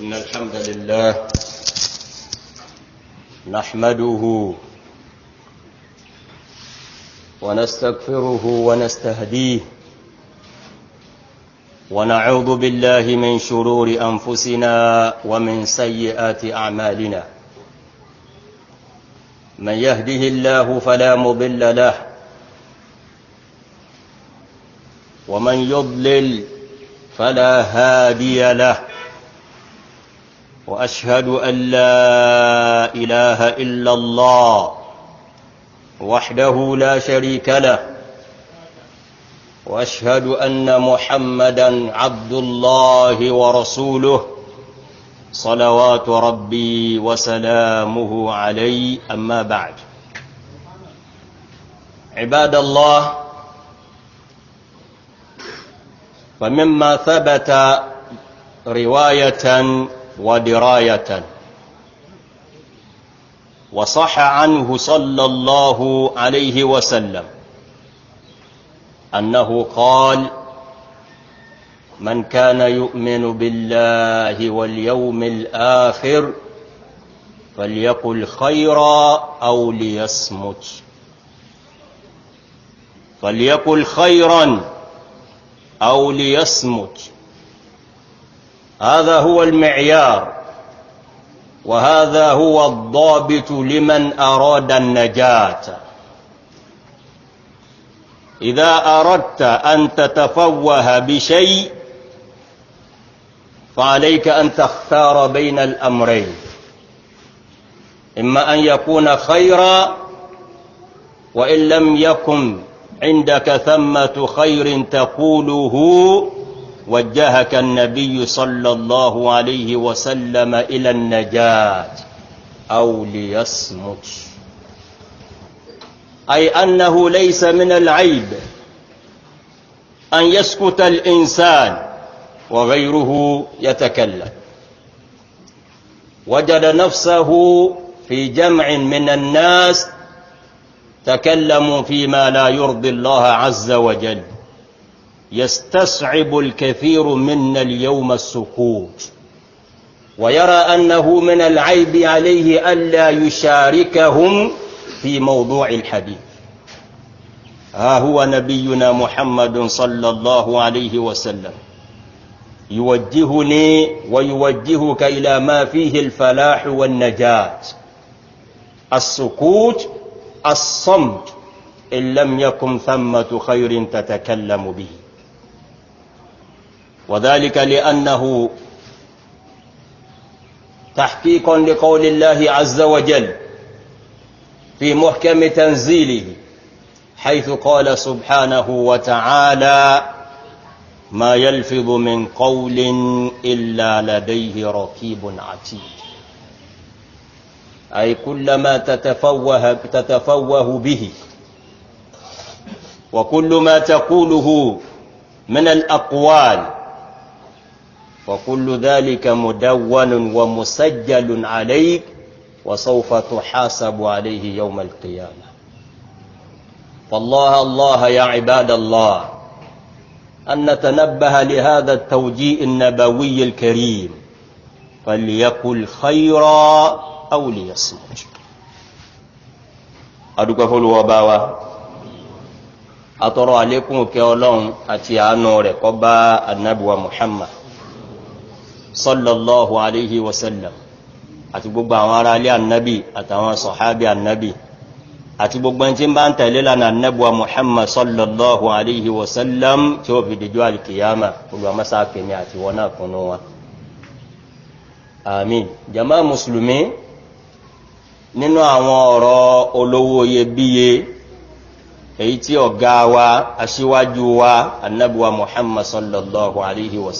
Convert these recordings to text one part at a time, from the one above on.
إن الحمد لله نحمده ونستغفره ونستهديه ونعوذ بالله من شرور أنفسنا ومن سيئات أعمالنا من يهده الله فلا مضل له ومن يضلل فلا هادي له وأشهد أن لا إله إلا الله وحده لا شريك له وأشهد أن محمدا عبد الله ورسوله صلوات ربي وسلامه عليه أما بعد عباد الله فمما ثبت رواية ودراية وصح عنه صلى الله عليه وسلم أنه قال من كان يؤمن بالله واليوم الآخر فليقل خيرا أو ليصمت فليقل خيرا أو ليصمت هذا هو المعيار وهذا هو الضابط لمن أراد النجاة إذا أردت أن تتفوه بشيء فعليك أن تختار بين الأمرين إما أن يكون خيرا وإن لم يكن عندك ثمة خير تقوله وجهك النبي صلى الله عليه وسلم إلى النجاة أو ليصمت أي أنه ليس من العيب أن يسكت الإنسان وغيره يتكلم وجد نفسه في جمع من الناس تكلموا فيما لا يرضي الله عز وجل يستصعب الكثير منا اليوم السكوت ويرى أنه من العيب عليه ألا يشاركهم في موضوع الحديث ها هو نبينا محمد صلى الله عليه وسلم يوجهني ويوجهك إلى ما فيه الفلاح والنجاة السكوت الصمت إن لم يكن ثمة خير تتكلم به وذلك لأنه تحقيق لقول الله عز وجل في محكم تنزيله حيث قال سبحانه وتعالى ما يلفظ من قول إلا لديه ركيب عتيد أي كلما تتفوه, تتفوه به وكل ما تقوله من الأقوال وكل ذلك مدون ومسجل عليك وسوف تحاسب عليه يوم القيامة فالله الله يا عباد الله أن نتنبه لهذا التوجيه النبوي الكريم فليقل خيرا أو ليصمت أدوك fólúwọ́ وباوة أترى عليكم àlékún أتيانو ọlọ́run النبوة محمد sallallahu alayhi wa sallam àti gbogbo àwọn ará ilé ànábì àtàwọn sọ̀hábì ànábì àti gbogbo ẹni tí ń bá ń tẹ̀lé lánà ànábì wa muhammad sallallahu alayhi wa sallam tí ó fi dìjọ́ alkiyama olùwàmọ́sá kìíní àti wọn náà kùnú wa àmín jama musulumi nínú àwọn ọ̀rọ̀ olówó iyebíye èyí tí ọ̀gá wa aṣíwájú wa ànábì muhammad sallallahu alayhi wa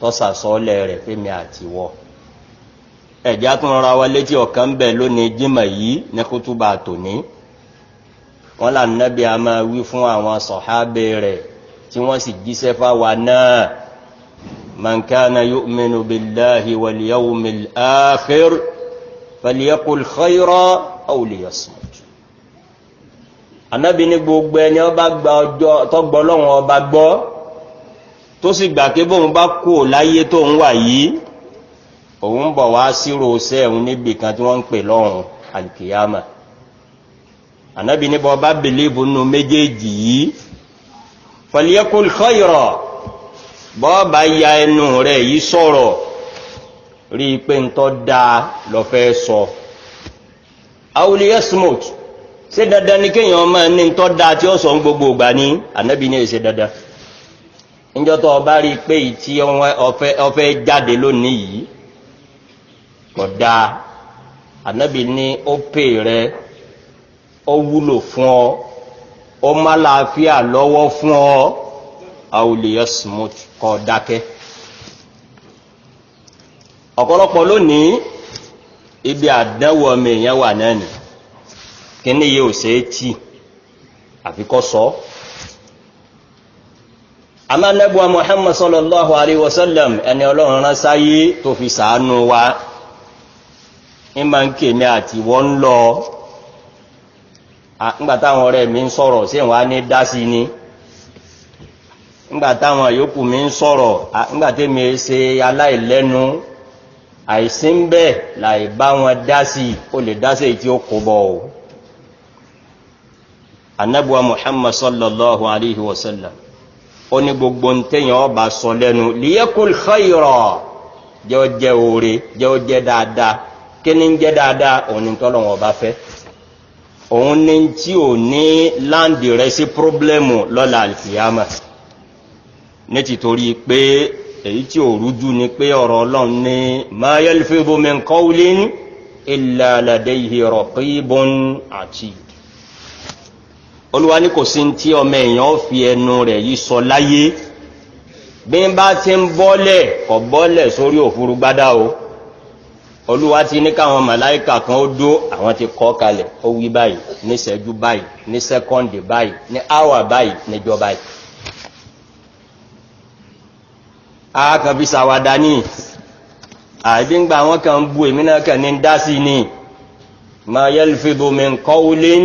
tọ́sàsọ́ọ́lẹ̀ rẹ̀ fẹ́mi àtiwọ́ ẹ̀já tó ń ra wa létí ọ̀kan bẹ̀ lónìí jímọ̀ yìí ní kútúbà tòní wọn là nábì a máa wí fún àwọn sọ̀hábẹ́ rẹ̀ tí wọ́n sì jíṣẹ́ fáwa náà man kana yu'minu billahi wal yawmil akhir falyaqul khayra aw liyasmut anábì ní gbogbo ẹni ọba gbọ́ ọjọ́ tọ́gbọ́ lọ́wọ́ ọba gbọ́ tó sì gbà pé bóun bá kú ò láyé tóun wà yìí òun bọ̀ wá sírò sẹ́ẹ̀hún níbi kan tí wọ́n ń pè lọ́run alìkìyàmà ànábì níbọ̀ bá bèlébù nù méjèèjì yìí falyakul khayra bọ́ọ̀bá ya ẹnu rẹ̀ yìí sọ̀rọ̀ rí i pé ń tọ́ dáa lọ́fẹ́ sọ auliyasmut ṣé dandan ni kéèyàn máa ní ń tọ́ dáa tí ó sọ ń gbogbo ìgbà ní ànábì ní èsè dandan níjọ́tọ̀ ọba rí pé ìtí ọfẹ́ jáde lónìí yìí kọ̀dá ànábì ní ó pè rẹ ó wúlò fún ọ ó má láàfíà lọ́wọ́ fún ọ àwòlèyàn smooth kọ dákẹ́ ọ̀pọ̀lọpọ̀ lónìí ibi àdánwò ọmọ èèyàn wà náà nì kíní yìí ò ṣe é tì àfikọ́ sọ àmá nẹ́bùwa Muhammad sallallahu alaihi wasallam ẹni ọlọ́run rán sáyé tó fi sàánú wa ìmá ń kèmí àti wọ́n lọ A ọ̀rẹ́ mi ń sọ̀rọ̀ sí ìwọ̀n á ní dá sí ni ńgbàtàwọn yòókù mi ń sọ̀rọ̀ ńgbàtẹ́mi ṣe aláìlẹ́nu àìsí ń bẹ́ láì bá wọn dá sí o lè dá sí tí ó kò bọ̀ o annabuwa ó ní gbogbo ntẹ́yìn ọba sọ lẹ́nu liyekul khayra jẹ́ ó jẹ́ oore jẹ́ ó jẹ́ dáadáa kí ni ń jẹ́ dáadáa òun ni tọ́lọ́wọ́n ọba fẹ́ òun ni tí ò ní láǹdì rẹ sí pírọ́blẹ́mù lọ́la àlìkìyàmà ní ti pé èyí tí ò rújú ni pé ọ̀rọ̀ ọlọ́run ní ma yalfidhu min qawlin illa ladayhi raqibun atid olúwa ní kò sí tí ọmọ èèyàn fi ẹnu rẹ̀ yìí sọ láyé bí n bá ti ń bọ́lẹ̀ kọ̀ bọ́lẹ̀ sórí òfurú gbádá o olúwa ti ní káwọn màláìkà kan ó dó àwọn ti kọ́ kalẹ̀ ó wí báyìí níṣẹ́jú báyìí ní sẹ́kọ́ndì báyìí ní áwà báyìí níjọ báyìí. a kan fi ṣàwàdà ní àbí ń gba àwọn kan bu èmi náà kàn ní dá sí ni ma yalfidu min qawlin.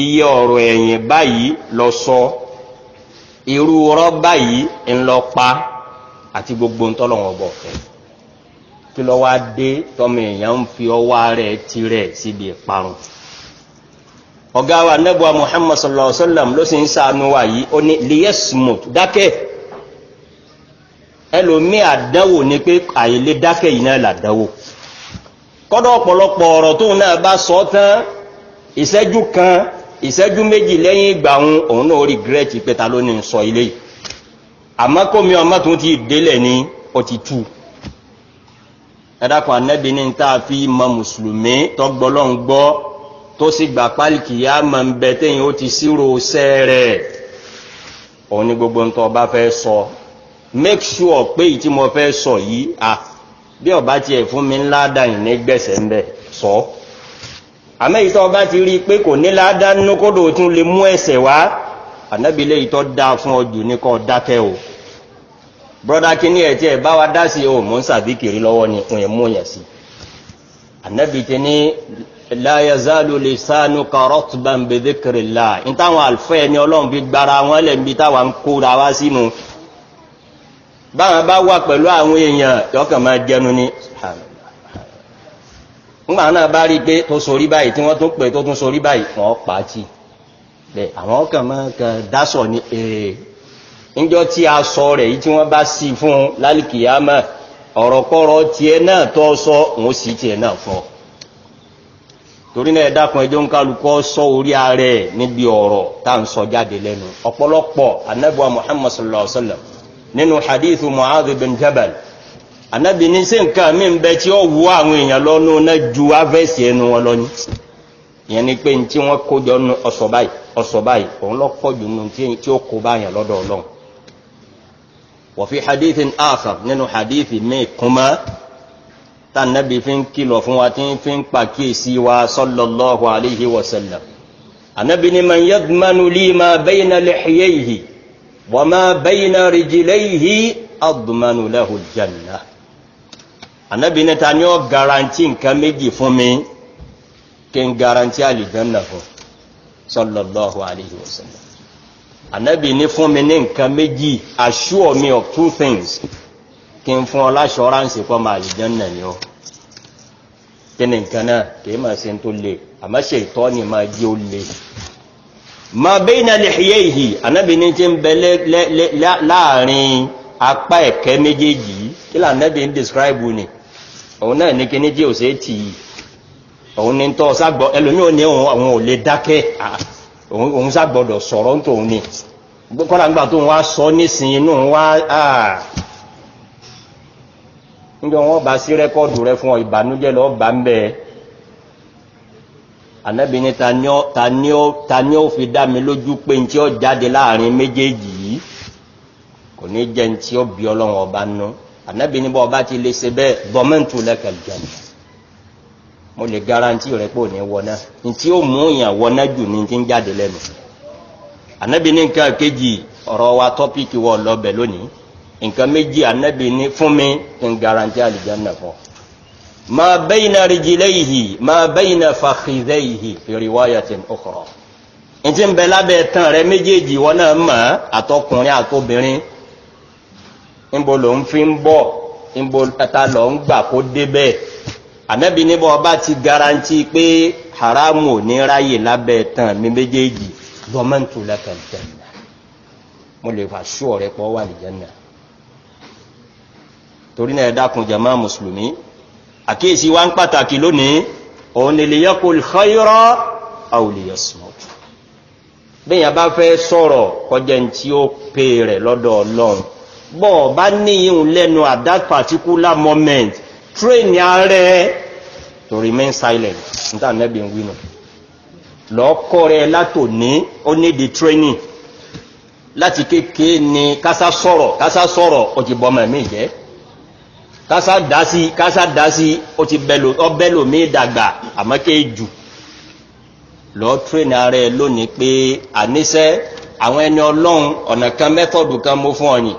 iye ọ̀rọ̀ ẹ̀yìn báyìí lọ sọ irú rọ́ báyìí ń lọ pa àti gbogbo ń tọ́lọ̀wọ̀n bọ̀ fẹ́ kí lọ wá dé tọmọ èèyàn ń fi ọwá rẹ̀ tirẹ̀ síbi ìparun ọ̀gá wa sallallahu ló sì ń wa yìí ó ní liyesmut dákẹ́ àdánwò ni pé dákẹ́ yìí náà làdánwò kan ìṣẹ́jú méjì lẹ́yìn ìgbà òun òun náà regret pé ta ló ní sọ ilé àmọ́ ọmọ tó ti délẹ̀ ni ó ti tú ẹ̀dàkùn anẹ́bí ní ta fi mọ mùsùlùmí tọ́gbọ́lọ́n gbọ́ tó sì gbà pálíkì yá mọ̀ ń bẹ téyìn ó ti sírò sẹ́ rẹ̀ òun ni gbogbo nǹkan ọba fẹ́ sọ make sure pé ìtí mo fẹ́ sọ yìí à bí ọba tiẹ̀ fún mi ńlá dàyìn ní gbẹ̀sẹ̀ ń bẹ̀ So àmẹ́ ìtọ́ bá ti rí pé kò ní ládánú kódò tún lè mú ẹsẹ̀ wá ànábìlẹ̀ ìtọ́ dá fún ọjù ní kọ́ dákẹ́ o brọ́dá kí ní ẹ̀tí ẹ̀ bá wa dá sí o mọ́ ń sàbíkiri lọ́wọ́ ni fún ẹ̀mú yẹn sí ànábì ti ní láyẹ̀zálù lè sánú karọ́t bá ń bedé kiri là ń táwọn àlùfẹ́ ẹni ọlọ́run fi gbára wọn lẹ̀ ń bi táwọn kóra wá sínú ńgbà náà bá rí i pé tó sorí báyìí tí wọ́n tó pè tó tún sorí báyìí wọ́n pa á àwọn máa ní ee níjọ́ tí a sọ rẹ̀ yìí tí wọ́n bá sì fún lálìkìyàmọ̀ ọ̀rọ̀kọ́rọ̀ tiẹ̀ náà tó sọ òun sì tiẹ̀ náà fọ́ torí náà dákun ẹjọ́ ń kálukọ́ sọ orí ààrẹ níbi ọ̀rọ̀ tá à ń sọ jáde lẹ́nu ọ̀pọ̀lọpọ̀ ànábì ní sí nǹkan mí ń bẹ tí ó wú àwọn èèyàn lọ́nú náà ju avẹ́sì ẹnu wọn lọ ní ìyẹn ni pé tí wọ́n kójọ nu ọ̀sọ̀ báyìí ọ̀sọ̀ báyìí òun lọ pọ̀ jù nù tí ó kó báyàn lọ́dọ̀ ọlọ́run wa fi hadithin akhar nínú hadithi míì kúnmọ́ tá ànábì fi ń kìlọ̀ fún wa tí fi ń pàkíyèsí wa sallallahu alayhi wa sallam ànábì ni man yadmanu li ma bayna lihiyayhi wa ma bayna rijlayhi admanu lahu jannah anabi ní ta ni ó garanti nǹkan méjì fún mi kí n garanti àlìjánná fún sallallahu alayhi wa sallam anabi ní fún mi ní nǹkan méjì assure me of two things kí n fún assurance láṣọránsì kọ́ máa àlìjánná ni ọ kí ni nǹkan náà kì í máa ṣe tó le àmọ́ ṣe ìtọ́ ni máa jẹ́ ó le ma bayna lihiyaihi anabi ní ti ń bẹ láàrin apá ẹ̀kẹ́ méjèèjì kí là anabi ń describe ni òun náà ní kíní jí òsè tì í òun ní tọ́ ságbọ́ ẹlòmíì òun ní òun ò lè dákẹ́ òun ságbọ́dọ̀ sọ̀rọ̀ tóun ni kọ́lá nígbà tóun wá sọ nísìnyí inú òun wá níbi wọn bá sí rẹ́kọ́ọ̀dù rẹ fún ọ ìbànújẹ́ lọ bá ń bẹ ànábì ni ta ni fi dá mi lójú pé ní tí jáde láàrin méjèèjì yìí kò ní jẹ́ ní tí bí ọlọ́run ọba nù. No anabi ní bọ́ọ̀ bá ti lè ṣe bẹ́ẹ̀ dọ́mẹ́ntù lẹ́kẹ̀ẹ́ jẹ́nu mo lè garanti rẹ̀ pé ò ní wọná ní tí ó mú yàn wọná jù ní ti ń jáde lẹ́nu anabi ní nǹkan kejì ọ̀rọ̀ wa tọ́pìkì wọ̀ lọ́bẹ̀ lónìí nǹkan méjì anabi ní fún mi kí n garanti àlìjáná fún ma bayna rijlayhi ma bayna fakhidhayhi fi riwayatin ukhra n ti ń bẹ lábẹ́ tán rẹ méjèèjì wọn náà àtọkùnrin àtobìnrin níbo ló ń fi ń bọ̀ níbo ta ló ń gbà kó débẹ̀ ànábì níbo ọba ti garanti pé haramu ò ní ráyè lábẹ́ tán mi méjèèjì dọ́mẹ́ntù lẹ́kàn jẹ́nà mo lè fà sú ọ̀rẹ́ pọ̀ wà ní jẹ́nà torí náà ẹ dákun jàmá mùsùlùmí àkíyèsí wa ń pàtàkì lónìí òun lè yaqul khayra aw liyasmut bẹ́ẹ̀ yẹn bá fẹ́ sọ̀rọ̀ kọjá ní tí ó pè rẹ̀ lọ́dọ̀ ọlọ́run bọ́ ọ bá níyìn lẹ́nu at that particular moment train ààrẹ to remain silent níta nẹ́bí ń wí nù lọ́kọ́ rẹ látòní ó ní di training láti kéèké ni kásá sọ̀rọ̀ kásá sọ̀rọ̀ ó ti bọ́mọ̀ mí jẹ́ kásá dásí kásá dásí ó ti bẹ́lò mí dàgbà àmọ́ kéè jù lọ tírénì ara ẹ lónìí pé àníṣẹ́ àwọn ẹni ọlọ́run ọ̀nà kan mẹ́tọ̀dù kan mú fún ọyìn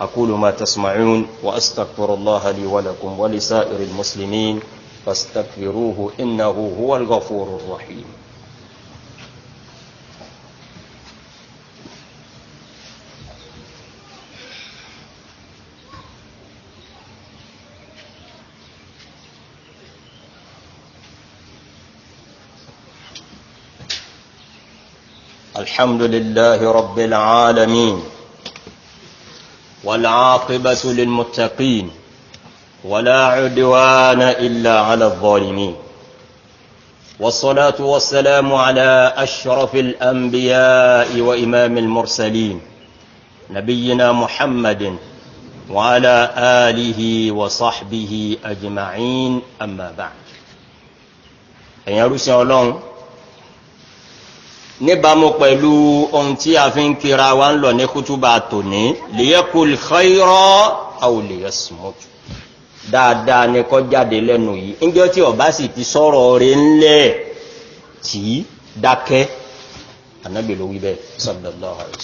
أقول ما تسمعون وأستغفر الله لي ولكم ولسائر المسلمين فاستغفروه إنه هو الغفور الرحيم الحمد لله رب العالمين والعاقبة للمتقين ولا عدوان إلا على الظالمين والصلاة والسلام على أشرف الأنبياء وإمام المرسلين نبينا محمد وعلى آله وصحبه أجمعين أما بعد أن يرسل الله níbàámu pẹ̀lú ohun tí a fi ń kira wa ń lọ ní kútúbà tòní liyakul khayra aw liyasmut dáadáa ni kó jáde lẹ́nu yìí ńjọ́ tí ọba sì ti sọ̀rọ̀ rẹ̀ ńlẹ̀ tí dákẹ́ Ànábì ló wí bẹ́ẹ̀ sallallahu alaihi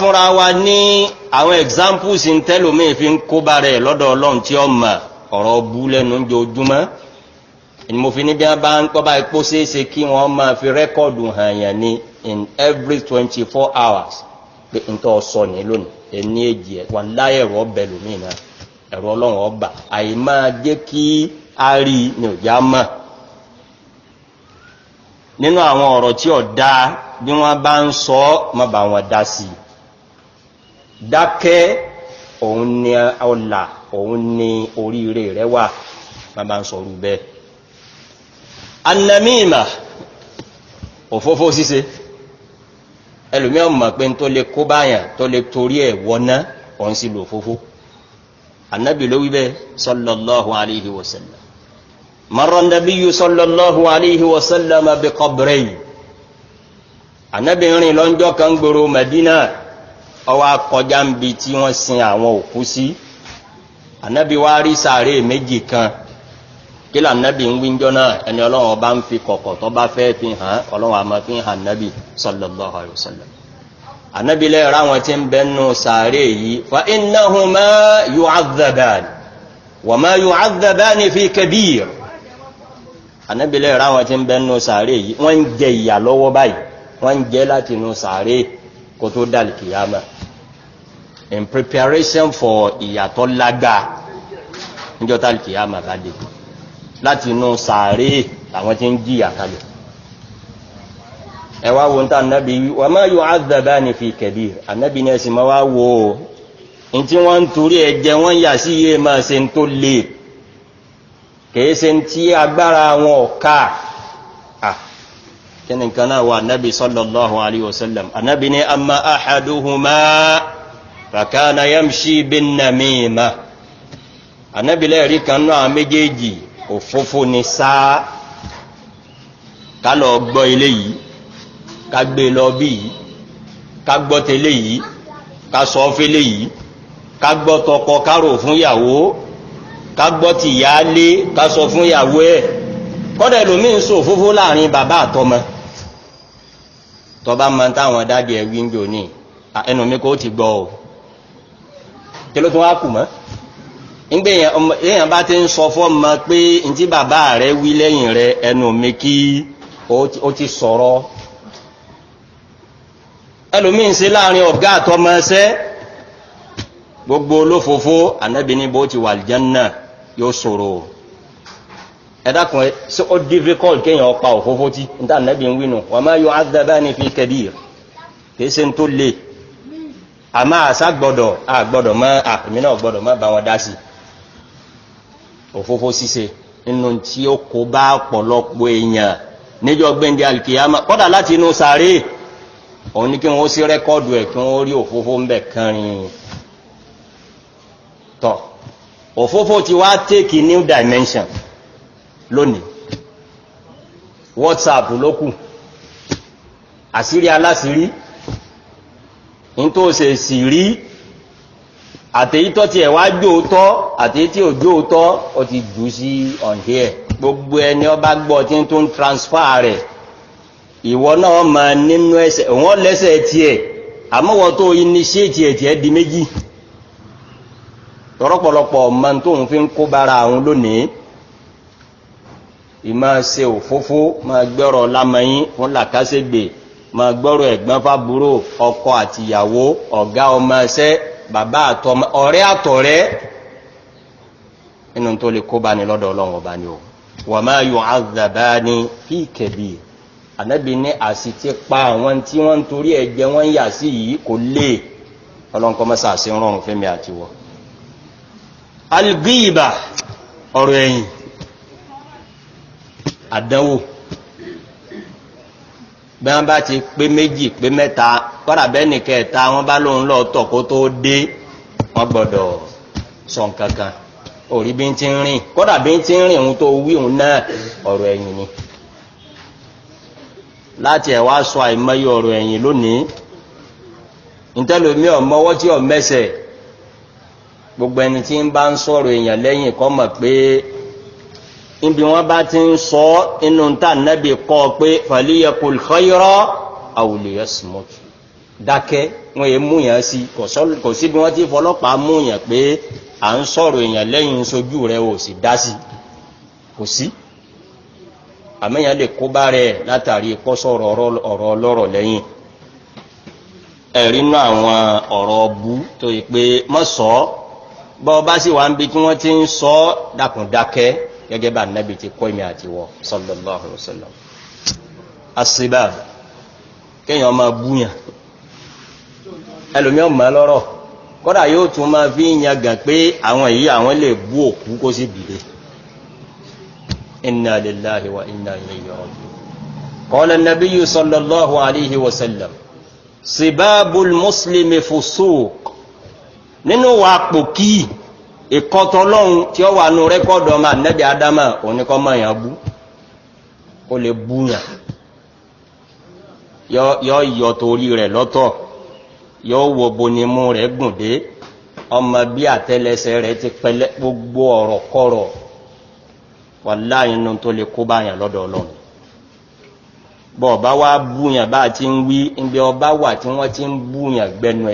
fúnra wa ní àwọn examples ń tẹ́lómi fi ń kóbá lọ́dọ̀ ọlọ́run tí ó mọ̀ ọ̀rọ̀ bú lẹ́nu ń jojúmọ́ mo fi ní bí wọ́n bá ń pọ́ báyìí fi rẹ́kọ̀dù hàn yàn ní in every twenty four hours pé n tó sọ ní lónìí ẹni èjì wà láyé ẹ̀rọ ọbẹ̀ lómi ẹ̀rọ ọlọ́run ọba àyè máa jẹ́ kí a rí i ní ọjà mọ̀ nínú àwọn ọ̀rọ̀ tí ọ̀dá bí wọ́n bá ń sọ ọ́ má bá wọn dá sí i dákẹ́ ni òun ni oríire rẹ wà bá ń sọ annamima òfófó ṣíṣe ẹlùmí ọmọ pé le lè kó báyàn tó lè torí ẹ̀ wọná òun sí lò òfófó annabi ló wíbẹ̀ sallallahu alaihi wasallam marra nabiyyu sallallahu alaihi wasallam bi qabrayn annabi rìn lọ́njọ́ kan gbòrò madina ọwọ́ akọjá ń bi tí wọ́n sin àwọn òkú sí annabi wá rí sàárè méjì kan kí là nẹ́bì ń wíjọ́ náà ẹni ọlọ́run bá ń fi kọ̀kọ̀ tó bá fẹ́ fi hàn ọlọ́run àmọ́ fi hàn nẹ́bì sallallahu alaihi wasallam ànẹ́bì lẹ́ra wọn tí ń bẹnu sàárè yìí fa innahuma yu'adhaban wa ma yu'adhaban fi kabir ànẹ́bì lẹ́ra wọn tí ń bẹnu sàárè yìí wọ́n ń jẹ ìyà lọ́wọ́ báyìí wọ́n ń jẹ láti inú sàárè kó tó dàlì kìyàmà in preparation for ìyàtọ̀ lágbà níjọ́ tàlì kìyàmà bá dé kù láti inú sàárè làwọn ti ń jìyà kalẹ̀ ẹ wá wo níta ànábì wà má yọ àdàbà ní fi kẹ̀bí ànábì ní ẹ̀sìn máa wá wo o ntí wọ́n ń torí ẹ jẹ wọ́n yà sí iye máa ṣe ń tó le kèé ṣe ń agbára wọn ò kíni kan náà wà ànábì sallallahu alayhi wa sallam ànábì ní amma ahaduhuma fakana yamshi bin namima ànábì lẹ́ẹ̀rí kan náà méjèèjì òfófó ni sáà ká lọ gbọ́ ilé yìí ká gbé lọ bí yìí ká gbọ́ tẹ́lẹ̀ yìí ká sọ fẹ́lẹ̀ yìí ká gbọ́ tọkọ kárò fún ìyàwó ká gbọ́ tìyáálé ká sọ fún ìyàwó ẹ̀ kọ́dà ẹlòmíín sọ òfófó láàrin bàbá àtọmọ tọba máa ń táwọn dáàdì ẹ̀ wíńdò ní ẹnu mi kò ti gbọ́ o kí ló tún wá kù mọ́ nígbà èèyàn bá ti ń sọ fọ́mọ pé n tí bàbá rẹ wí lẹ́yìn rẹ ẹnu mi kí ó ti sọ̀rọ̀ ẹlòmíín sí láàrin ọ̀gá àtọmọṣẹ́ gbogbo olófòfó ànábì ní bó ti wà lìjánná yóò sọ̀rọ̀ ẹ̀dàkùn sí ó difficult kéèyàn ọpa òfófó tí n tá ànábì ń wínú wa ma yu'adhabani fi kabir kìí ṣe ń tó le àmọ́ àṣà gbọ́dọ̀ àgbọ́dọ̀ mọ́ àmì náà gbọ́dọ̀ mọ́ bá wọn dá sí i òfófó ṣíṣe nínú tí ó kó bá ọ̀pọ̀lọpọ̀ èèyàn níjọ́ gbẹ̀ndẹ̀ alikiyama kọ́dà láti inú sáré òun ni kí wọ́n sí rẹ́kọ́ọ̀dù ẹ̀ kí wọ́n rí òfófó ń bẹ̀ kánrin tọ̀ òfófó ti wá take new dimension lónìí WhatsApp ló kù àṣírí aláṣírí ní tó ṣe sì rí àtẹ̀yítọ́ tiẹ̀ wá jóòtọ́ àtẹ̀yítí ò jóòtọ́ ó ti jù sí ọ̀dẹ́ ẹ̀ gbogbo ẹni ọba gbọ́ tí ń tún transfer rẹ̀ ìwọ náà ma nínú ẹsẹ̀ wọ́n lẹ́sẹ̀ tiẹ̀ àmọ́wọ́ tó iníṣẹ́ tiẹ̀ tiẹ̀ di méjì tọ́rọpọ̀lọpọ̀ ọmọ tó ń fi ń kó bára àwọn lónìí ìmọ̀ ṣe òfófó ma gbọ́rọ̀ lámọ́yín fún làkásẹ́gbè ma gbọ́rọ̀ ẹ̀gbọ́n fábúrò ọkọ àtìyàwó ọ̀gá ọmọ ẹsẹ́ bàbá àtọmọ ọ̀rẹ́ àtọ̀rẹ́ inú tó lè kó bá ní lọ́dọ̀ ọlọ́run ọba ni o wà máa yọ àzàbá ni fi kẹ̀bí ànábì ní àsì ti pa àwọn tí wọ́n ń torí ẹ̀jẹ̀ wọ́n ń yà sí yìí kò lè ọlọ́run kọ́ mọ́sà sí rọrùn fẹ́mi àti wọ. alghiba ọ̀rọ̀ ẹ̀yìn àdánwò bí wọ́n bá ti pé méjì pé mẹ́ta kọ́dà bẹ́ẹ̀ nìkẹta wọ́n bá lóun lọ tọ̀ kó tó dé wọ́n gbọ́dọ̀ sọ nǹkan kan orí bí n ti rìn kọ́dà bí n ti rìn òun tó wí òun náà ọ̀rọ̀ ẹ̀yìn ni láti ẹ̀wá sọ àìmọye ọ̀rọ̀ ẹ̀yìn lónìí ìtẹ́lómi ọ̀mọ́wọ́ tí ọ̀mẹ́sẹ̀ gbogbo ẹni tí ń bá ń sọ̀rọ̀ èèyàn lẹ́yìn kọ́ mọ̀ pé ibi wọn bá ti ń sọ inú ta nẹ́bì kọ́ pé faliyakul khayra aw liyasmut dákẹ́ wọn yẹ mú yàn sí kò sí bí wọ́n ti fọlọ́pàá mú yàn pé à ń sọ̀rọ̀ èèyàn lẹ́yìn sojú rẹ̀ ò sì dá sí kò sí àmẹ́yàn lè kó bá rẹ̀ látàrí kọ́ sọ̀rọ̀ ọ̀rọ̀ ọlọ́rọ̀ lẹ́yìn ẹ̀rínú àwọn ọ̀rọ̀ ọbú tó yí pé mọ́ sọ bọ́ bá sì wá ń bi tí wọ́n ti ń sọ dákùndákẹ́ gẹ́gẹ́ bá nẹ́bi ti kọ́ ìmì àti wọ sallallahu alaihi wasallam àṣìbà kéèyàn máa búyàn ẹlòmíọ́ mọ́ lọ́rọ̀ kọ́dà yóò tún máa fi yan gàn pé àwọn èyí àwọn lè bú òkú kó sì dìde inna lillahi wa inna ilayhi raji'un qala an-nabiyyu sallallahu alaihi ìkọtọlọ́run tí ó wà ní rẹ́kọ́dọ̀ ọmọ ànẹ́bí adama oníkọ́ mọ̀yàn bú lè yọ yọ torí rẹ̀ lọ́tọ̀ yọ wo bonimú rẹ̀ gùn ọmọ bí àtẹlẹsẹ rẹ̀ ti pẹlẹ gbogbo ọ̀rọ̀ kọ̀rọ̀ tó lè kó báyàn lọ́dọ̀ ọba wa bá ti ń wí ibi ọba wà tí wọ́n ti gbẹnu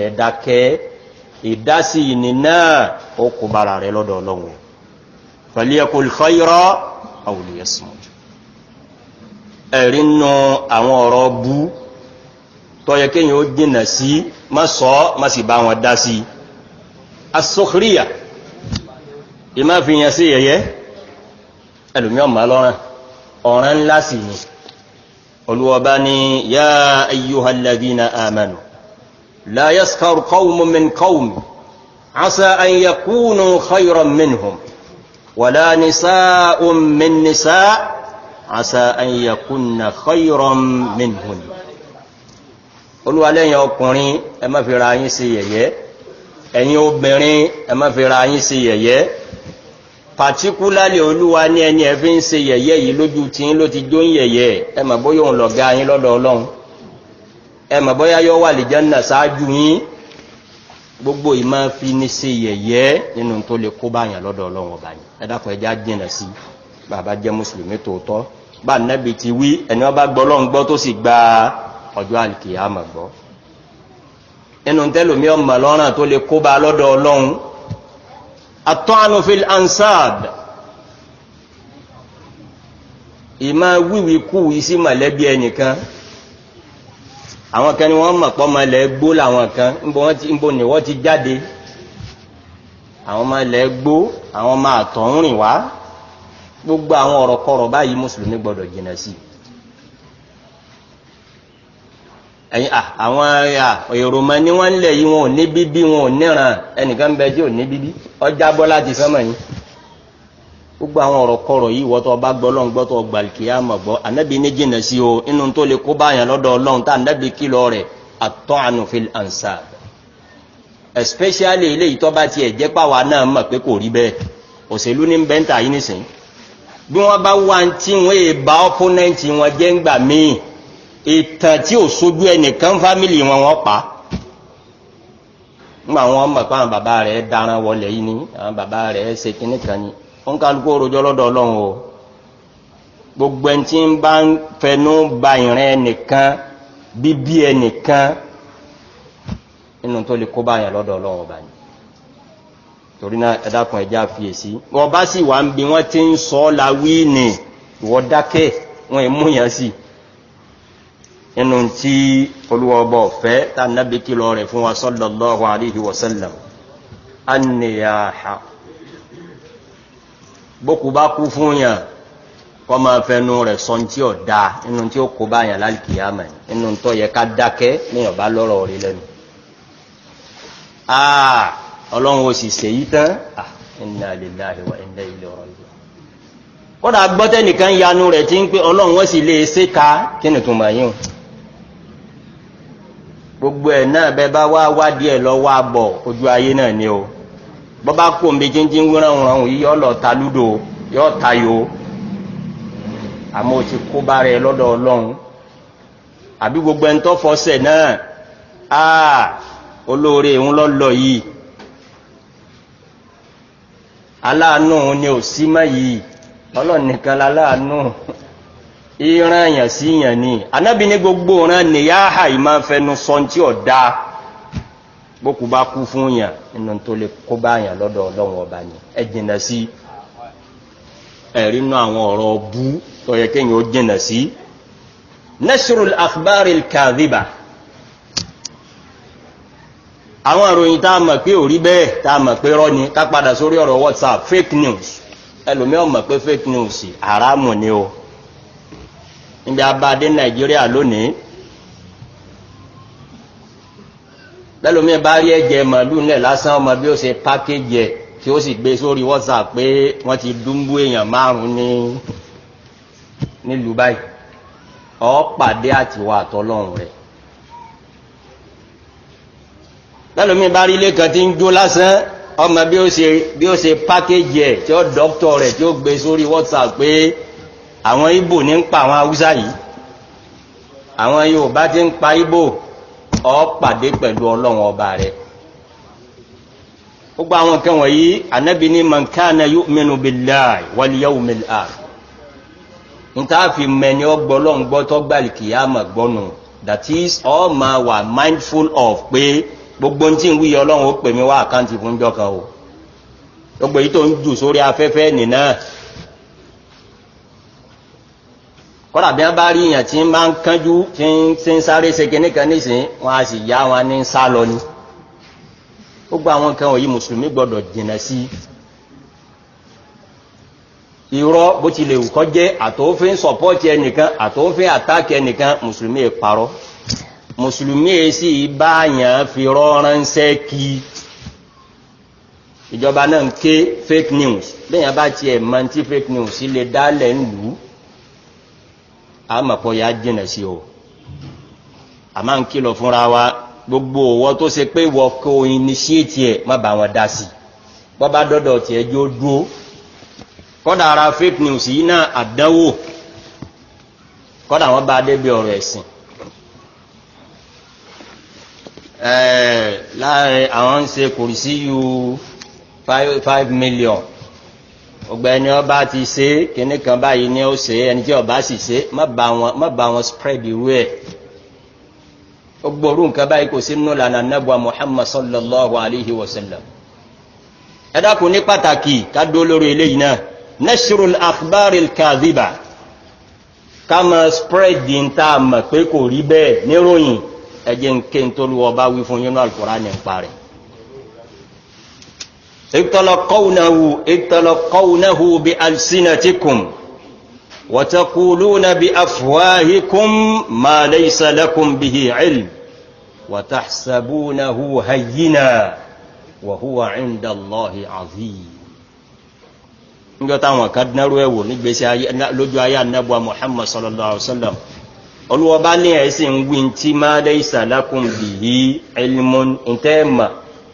ìdásí ìní náà ó kò bára rẹ̀ lọ́dọ̀ ọlọ́run falyakul khayra aw liyasmut ẹ̀rí nù àwọn ọ̀rọ̀ bú tọ́yẹ kéyìn ó jìnà sí má sọ má sì bá wọn dá sí as-sukhriya ìmá fi yẹn sí yẹyẹ ẹlòmí ọmọ lọ́rán ọ̀ràn ńlá sì ni olúwọba ni ya ayyuhal ladina amanu لا يسخر قوم من قوم عسى أن يكونوا خيرا منهم ولا نساء من نساء عسى أن يكون خيرا منهم olúwa lẹ́yìn ọkùnrin ẹ má fi ra ẹ̀yin obìnrin ẹ má yín sí yẹ̀yẹ́ pàtíkúlálì olúwa ní ẹni ẹ ń ṣe yẹ̀yẹ́ yìí lójú tí ló ti jó ń yẹ̀yẹ́ ẹ má bóyá lọ̀gá yín lọ́dọ̀ ọlọ́run ẹ mọ̀ bóyá yọ wà lìjánà ṣáájú yín gbogbo ìmọ̀ fi ní ṣe yẹ̀yẹ́ nínú tó lè kó báyàn lọ́dọ̀ ọlọ́run ọba yìí ẹ dákun ẹja jìnà sí bàbá jẹ́ mùsùlùmí tòótọ́ bá nẹ́bi ti wí ẹni wọn bá gbọ́ ọlọ́run gbọ́ tó sì gba ọjọ́ àlìkìyàmọ̀ gbọ́ nínú tẹ́lòmí ọmọ lọ́ràn tó lè kó bá lọ́dọ̀ ọlọ́run atọ́nu fil ansab ìmọ̀ wíwí kú sí ẹnìkan àwọn kan ni wọ́n mọ̀ pọ́ máa lẹ̀ gbó làwọn kan níbo ni wọ́n ti jáde àwọn máa lẹ̀ gbó àwọn máa tọ̀ rìn wá gbogbo àwọn ọ̀rọ̀ kọ̀rọ̀ báyìí mùsùlùmí gbọ́dọ̀ jìnà sí ẹ̀yìn àwọn èrò mọ́ ní wọ́n ń lẹ̀ yí wọn ò ní bíbí wọn ò níran ẹnìkan bẹ tí ò ní bíbí ọjà bọ́ láti fẹ́ mọ̀ yìí gbogbo àwọn ọ̀rọ̀ kọ̀rọ̀ yìí wọ́tọ̀ bá gbọ́ lọ́n gbọ́ tó gbàlìkìyàmà gbọ́ anábì ní jìnà sí o inú tó lè kó báyàn lọ́dọ̀ ọlọ́run tá anábì especially eléyìí tó bá tiẹ̀ jẹ́ pàwa náà mọ̀ pé kò rí bẹ́ẹ̀ òṣèlú ní bẹ́ńtà yìí nìsín bí wọ́n bá wá tí wọ́n bá wọn jẹ́ ìtàn ni àwọn bàbá rẹ̀ ṣe kan ni òun kálukú òròjọ́ lọ́dọ̀ ọlọ́run o gbogbo ẹni tí ń bá ń fẹnú ba ìrìn ẹnìkan bíbí ẹnìkan inú tó lè kó báyàn lọ́dọ̀ ọlọ́run ọba ni torí náà ẹ ẹjá fiyèsí wọn sì wà ń bi wọn ti ń sọ ọ́ la wí ni ìwọ dákẹ́ wọn ì múyàn sí inú tí olúwa ọba ọ̀fẹ́ tá a nábì kìlọ̀ rẹ̀ fún wa sallallahu alaihi wa sallam anniyaha bókù bá kú fún yàn kọ́ máa fẹnu rẹ̀ sọ tí ò da inú tí ó kó bá yàn lálùkìyàmà inú tó yẹ ká dákẹ́ níyàn bá lọ́rọ̀ rí lẹ́nu. Ah, ọlọ́run ò sì ṣèyí tán ah, inna lillahi wa inna ilaihi raji'un. kódà gbọ́tẹ́ nìkan yanu rẹ̀ tí ń pé ọlọ́run wọ́n sì lè ṣe ka kí ni tùmọ̀ yín o. gbogbo ẹ̀ náà bẹ́ẹ̀ bá wá wádìí ẹ̀ lọ́wọ́ àbọ̀ ojú ayé náà ni o. bọ́bá kú omi jíjìn wúránwúrán yí yọ lọ ta lúdò yọ tayò àmọ́ kó bára ẹ lọ́dọ̀ àbí gbogbo ẹni tó náà a olóore òun lọ lọ yìí aláàánú ni ò sí mọ́ yìí ọlọ́run nìkan láàánú sí ni bókù bá kú fún yàn inú tó lè kó bá yàn lọ́dọ̀ ọlọ́run ọba ni ẹ jìnà sí ẹ̀rínú àwọn ọ̀rọ̀ bú tó yẹ kéyìn ó jìnà sí nashrul akhbaril kadhiba àwọn ìròyìn tá a mọ̀ pé ò bẹ́ẹ̀ tá a mọ̀ pé rọ́ ni ká padà sórí ọ̀rọ̀ whatsapp fake news ẹlòmíràn mọ̀ pé fake news haramu ni o níbi abáde nàìjíríà lónìí bẹ́lómi bá rí ẹ̀jẹ̀ màlúù náà lásán ọmọ bí ó ṣe pákéjì ẹ̀ tí ó sì gbé sórí WhatsApp pé wọ́n ti dúnbú èèyàn márùn-ún ní nílùú báyìí ọ pàdé àtiwà àtọ́lọ́run rẹ̀ bẹ́lómi bá rí ilé kan tí ń jó lásán ọmọ bí ó ṣe bí ó ṣe pákéjì ẹ̀ tí ó dọ́kítọ̀ rẹ̀ tí ó gbé sórí WhatsApp pé àwọn Ìgbò ní ń pa àwọn Haúsá yìí àwọn Yorùbá ti ń pa Ìgbò ọ pàdé pẹ̀lú ọlọ́run ọba rẹ̀ gbogbo àwọn nǹkan wọ̀nyí anábì ní man kana yu'minu billahi wal yawmil akhir níta fi mẹ́ni ọgbọ́ ọlọ́run gbọ́ tó gbàlì kìyàmà gbọ́nù that is all ma wà mindful of pé gbogbo tí ń wí ọlọ́run ó pè mí wá àkáǹtì fún jọ́kan o gbogbo yìí tó ń jù sórí afẹ́fẹ́ nìna kọ́dà bí wọ́n bá rí èèyàn tí ń bá ń kánjú tí ń tí ń sáré ṣe kinní kan nísìn wọn a sì yá wọn ní sá lọ ni gbogbo àwọn nǹkan wọ̀nyí mùsùlùmí gbọ́dọ̀ jìnà sí irọ́ bó ti lè kọ́ jẹ́ àtòfin sọ̀pọ́ọ̀tì ẹnìkan àtòfin àtáàkì ẹnìkan mùsùlùmí parọ́ mùsùlùmí sì báyàn fi rọ́ránṣẹ́ kí ìjọba náà ń ké fake news bẹ́ẹ̀ yẹn bá tiẹ̀ mọ ti fake news lè dálẹ̀ ń lù ú àmọ̀pọ̀ yà jìnà sí o a máa ń kílọ̀ fúnra wa gbogbo owó tó ṣe pé wọ́n kó iníṣíétì ẹ̀ má bá wọn dá sí bọ́ bá dọ́dọ̀ tí ẹ jó dúó kọ́dà ara fake news yìí náà àdánwò kọ́dà wọ́n bá débi ọ̀rọ̀ ẹ̀sìn láàrin àwọn ń ṣe kùrìsí yù 5 million ọgbà ẹni ọba ti ṣe kíní kan báyìí ni ó ṣe ẹni tí ọba sì ṣe má bá wọn spread ìwé ẹ̀ gbogbo nǹkan báyìí kò sí nínú lànà nàbà muhammad sallallahu alayhi wa sallam ẹ dákun ní pàtàkì ká dó lórí eléyìí náà nashrul akhbari kadhiba ká máa spread di ń tá a mọ̀ pé kò rí bẹ́ẹ̀ níròyìn ẹ jẹ́ ń ké ń tó lu ọba wí fún yín náà al nípa rẹ̀. اطلقونه اطلقونه بألسنتكم وتقولون بأفواهكم ما ليس لكم به علم وتحسبونه هينا وهو عند الله عظيم níjọ́ táwọn kan ẹ̀wò nígbèsí lójú ayé anábuwa muhammad sallallahu alaihi wasallam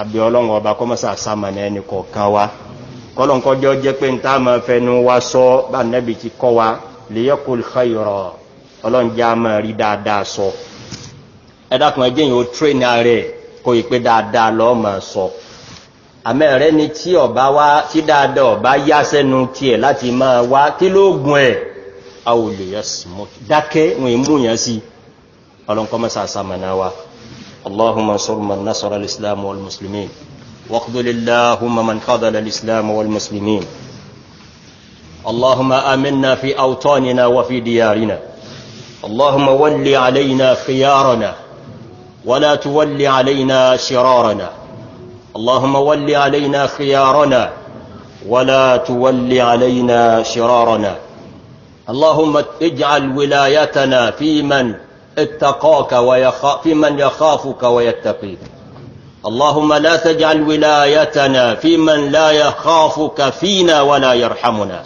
àbí ọlọ́run ọba kọ́mọ́sà sàmànà ẹni kọ̀ọ̀kan wa kọ́lọ̀nkọ́jọ́ jẹ́ pé ń tá máa fẹnu wa sọ bá nẹ́bi ti kọ́ wa lè yẹ kó xeyọrọ ọlọ́njẹ́ a máa rí dáadáa sọ ẹ dákun ẹ jẹ́yìn o tírénì ààrẹ kó yí dáadáa lọ́ọ́ máa sọ àmọ́ ẹ̀rẹ́ ni tí ọba wa tí dáadáa ọba yá sẹ́nu tiẹ̀ láti máa wá kí ló gun ẹ̀ a ò lè yẹ sùn mọ́ dákẹ́ wọn ì yẹn sí ọlọ́nkọ́mọ́sà sàmànà wa. اللهم انصر من نصر الإسلام والمسلمين واخذل اللهم من خذل الإسلام والمسلمين اللهم آمنا في أوطاننا وفي ديارنا اللهم ول علينا خيارنا ولا تول علينا شرارنا اللهم ول علينا خيارنا ولا تول علينا شرارنا اللهم اجعل ولايتنا في من اتقاك ويخا في من يخافك ويتقيك اللهم لا تجعل ولايتنا في من لا يخافك فينا ولا يرحمنا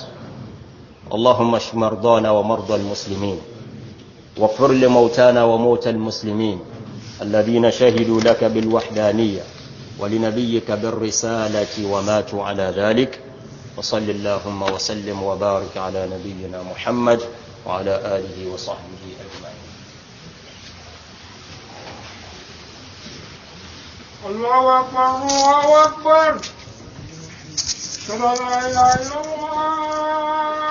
اللهم اشف مرضانا ومرضى المسلمين واغفر لموتانا وموتى المسلمين الذين شهدوا لك بالوحدانية ولنبيك بالرسالة وماتوا على ذلك وصل اللهم وسلم وبارك على نبينا محمد وعلى آله وصحبه الله أكبر الله أكبر أشهد لا إله إلا الله